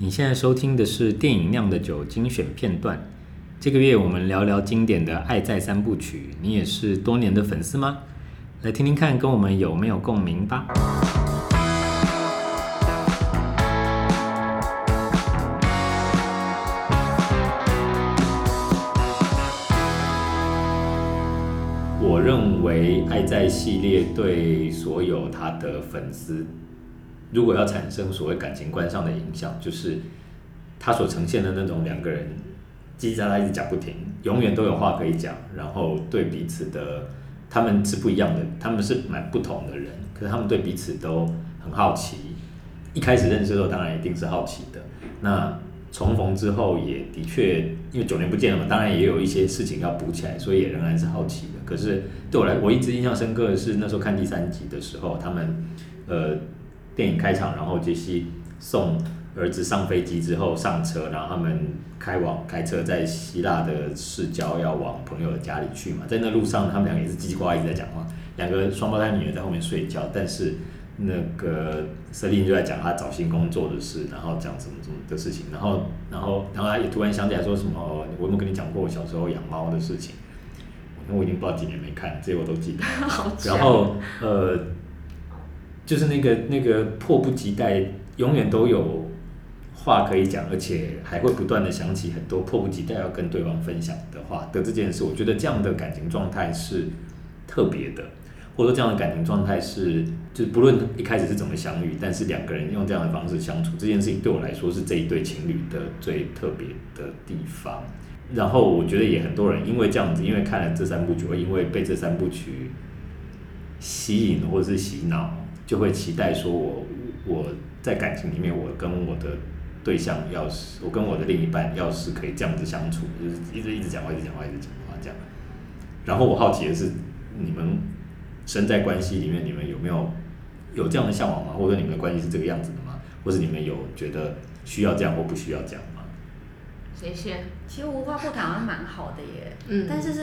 你現在收聽的是電影《釀的酒》精選片段。這個月我們聊聊經典的《愛在三部曲》，你也是多年的粉絲嗎？來聽聽看，跟我們有沒有共鳴吧。我認為《愛在》系列對所有他的粉絲。如果要產生所謂感情觀上的影響，就是他所呈現的那種兩個人嘰嘰喳喳一直講不停，永遠都有話可以講，然後對彼此的他們是不一樣的，他們是蠻不同的人，可是他們對彼此都很好奇。一開始認識的時候，當然一定是好奇的。那重逢之後，也的確因為九年不見了嘛，當然也有一些事情要補起來，所以也仍然是好奇的。可是對我來，我一直印象深刻的是那時候看第三集的時候，他們呃。電影開場，然後傑西送兒子上飛機之後上車，然後他們開往開車在希臘的市郊要往朋友的家裡去嘛，在那路上他們兩個也是嘰嘰呱呱一直在講話，兩個雙胞胎女兒在後面睡覺，但是那個席琳就在講她找新工作的事，然後講什麼什麼的事情，然後然後然後她也突然想起來說什麼，我有沒有跟你講過我小時候養貓的事情？我，我已經不知道幾年沒看，這些我都記得。好像。然後呃。就是那個那個迫不及待，永遠都有話可以講，而且還會不斷的想起很多迫不及待要跟對方分享的話的這件事。我覺得這樣的感情狀態是特別的，或者說這樣的感情狀態是，就是不論一開始是怎麼相遇，但是兩個人用這樣的方式相處，這件事情對我來說是這一對情侶的最特別的地方。然後我覺得也很多人因為這樣子，因為看了這三部曲，會因為被這三部曲吸引或者是洗腦。就會期待說我，我我在感情裡面，我跟我的對象要是，我跟我的另一半要是可以這樣子相處，就是一直一直講話，一直講話，一直講話這樣。然後我好奇的是，你們身在關係裡面，你們有沒有有這樣的向往嗎？或者你們的關係是這個樣子的嗎？或是你們有覺得需要這樣或不需要這樣嗎？謝謝。其實無話不談還蠻好的耶。嗯。嗯但是是？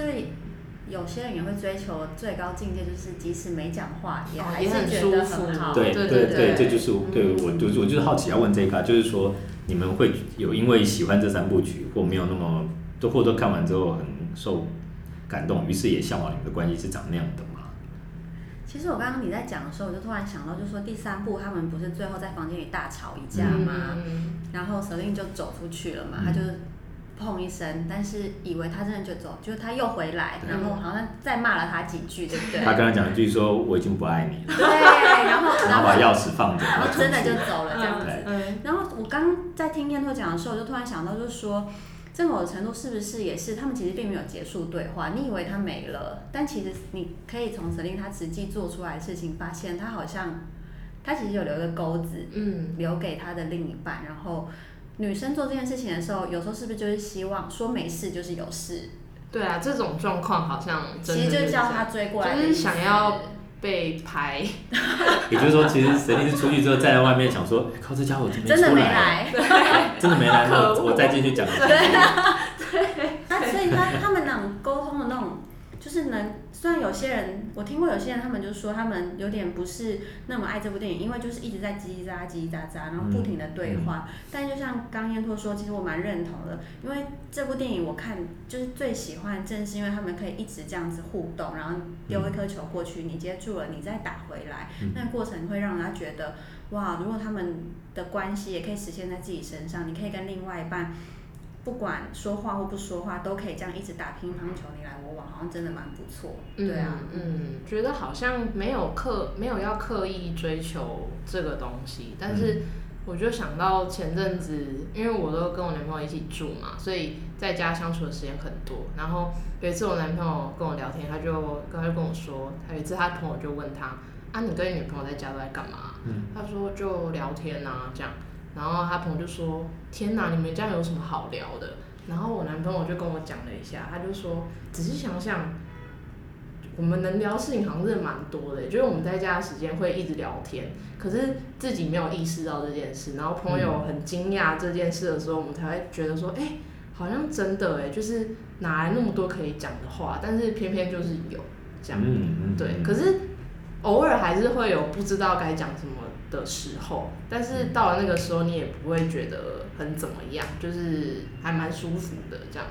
有些人也會追求最高境界，就是即使沒講話，也還是覺得很好、哦。對對對，這就是對、嗯、我就我就是好奇要問這一個，嗯、就是說你們會有因為喜歡這三部曲，嗯、或沒有那麼或都或者看完之後很受感動，於是也嚮往你們的關係是長那樣的嗎？其實我剛剛你在講的時候，我就突然想到，就是說第三部他們不是最後在房間裡大吵一架嗎？嗯嗯、然後 Celine、嗯、就走出去了嘛，他就、嗯。砰一聲，但是以為他真的就走，就是他又回來，對然後好像再罵了他幾句，對不對？他剛剛講一句說：“我已經不愛你了。” 對，然後然後把鑰匙放着，然後 真的就走了，這樣子。然後我剛在聽燕托講的時候，我就突然想到，就是說這某程度是不是也是他們其實並沒有結束對話？你以為他沒了，但其實你可以從陳林他實際做出來的事情，發現他好像他其實有留一個鈎子，嗯，留給他的另一半，然後。女生做這件事情的時候，有時候是不是就是希望說沒事就是有事？對啊，這種狀況好像真是其實就叫他追過來，就是想要被拍。 也就是說，其實沈麗是出去之後站在外面想說：“對欸、靠這，這傢伙真的沒來，對真的沒來。對”然後我再進去講。對對。那、 啊、所以說，他們那種溝通的那種，就是能。雖然有些人，我聽過有些人，他們就說他們有點不是那麼愛這部電影，因為就是一直在嘰嘰喳喳，嘰嘰喳喳，然後不停的對話。嗯嗯、但就像剛煙托說，其實我蠻認同的，因為這部電影我看就是最喜歡，正是因為他們可以一直這樣子互動，然後丟一顆球過去，嗯、你接住了，你再打回來，嗯、那過程會讓人家覺得，哇，如果他們的關係也可以實現在自己身上，你可以跟另外一半。不管說話或不說話，都可以這樣一直打乒乓球，你來我往，好像真的蠻不錯。嗯，對啊嗯，嗯，覺得好像沒有刻，沒有要刻意追求這個東西，但是我就想到前陣子，嗯、因為我都跟我男朋友一起住嘛，所以在家相處的時間很多。然後有一次我男朋友跟我聊天，他就他就跟我說，有一次他朋友就問他，啊，你跟你女朋友在家都在幹嘛？嗯、他說就聊天啊，這樣。然後他朋友就說：“天哪，你們這樣有什麼好聊的？”然後我男朋友就跟我講了一下，他就說：“仔細想想，我們能聊的事情好像真的蠻多的。就是我們在家的時間會一直聊天，可是自己沒有意識到這件事。然後朋友很驚訝這件事的時候，嗯、我們才會覺得說：‘哎、欸，好像真的耶，就是哪來那麼多可以講的話？’但是偏偏就是有這樣、嗯。嗯對。可是。”偶爾還是會有不知道該講什麼的時候，但是到了那個時候，你也不會覺得很怎麼樣，就是還蠻舒服的這樣。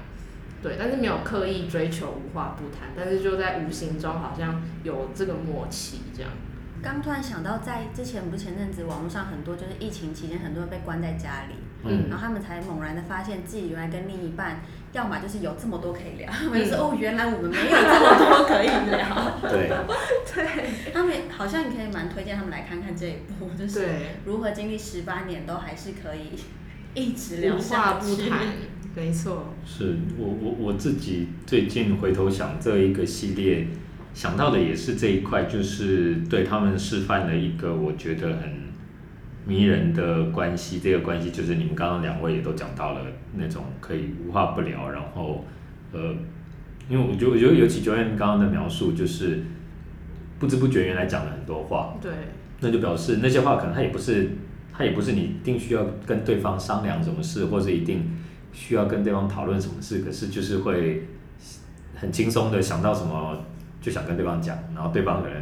對，但是沒有刻意追求無話不談，但是就在無形中好像有這個默契這樣。剛突然想到，在之前不是前陣子網絡上很多就是疫情期間，很多人被關在家裡，嗯，然後他們才猛然的發現自己原來跟另一半，要麼就是有這麼多可以聊，每次、嗯、哦，原來我們沒有這麼多可以聊， 對。他們好像你可以蠻推薦他們來看看這一部，就是如何經歷十八年都還是可以一直聊下去。對，無話不談，沒錯，是我我我自己最近回頭想這一個系列，想到的也是這一塊，就是對他們示範了一個我覺得很迷人的關係。這個關係就是你們剛剛兩位也都講到了那種可以無話不聊，然後呃，因為我覺得我覺得尤其 Joanne 剛剛的描述就是。不知不覺，原來講了很多話。對，那就表示那些話可能他也不是，他也不是你一定需要跟對方商量什麼事，或是一定需要跟對方討論什麼事。可是就是會很輕鬆的想到什麼，就想跟對方講，然後對方可能，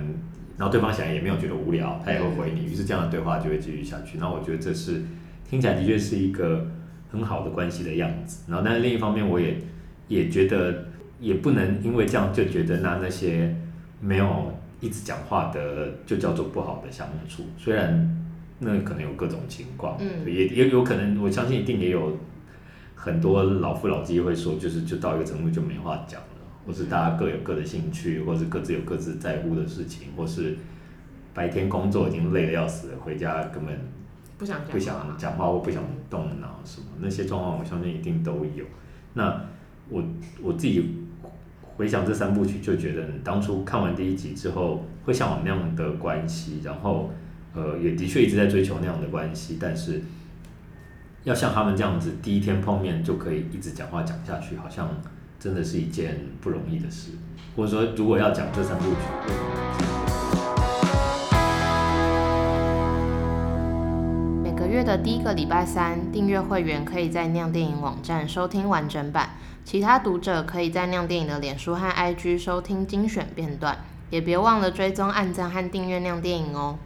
然後對方想也沒有覺得無聊，他也會回你，於、嗯、是這樣的對話就會繼續下去。然後我覺得這是聽起來的確是一個很好的關係的樣子。然後但是另一方面，我也也覺得也不能因為這樣就覺得那那些沒有。一直講話的就叫做不好的相處，雖然那可能有各種情況，也、嗯、也有可能，我相信一定也有很多老夫老妻會說，就是就到一個程度就沒話講了，嗯、或是大家各有各的興趣，或是各自有各自在乎的事情，或是白天工作已經累得要死了，回家根本不想講不想講話，或不想動腦什麼，那些狀況我相信一定都有。那我我自己。回想這三部曲，就覺得你當初看完第一集之後，會向往那樣的關係，然後，呃，也的確一直在追求那樣的關係，但是，要像他們這樣子，第一天碰面就可以一直講話講下去，好像真的是一件不容易的事。或者說，如果要講這三部曲。月的第一個禮拜三，訂閱會員可以在釀電影網站收聽完整版。其他讀者可以在釀電影的臉書和 IG 收聽精選片段，也別忘了追蹤按讚和訂閱釀電影哦。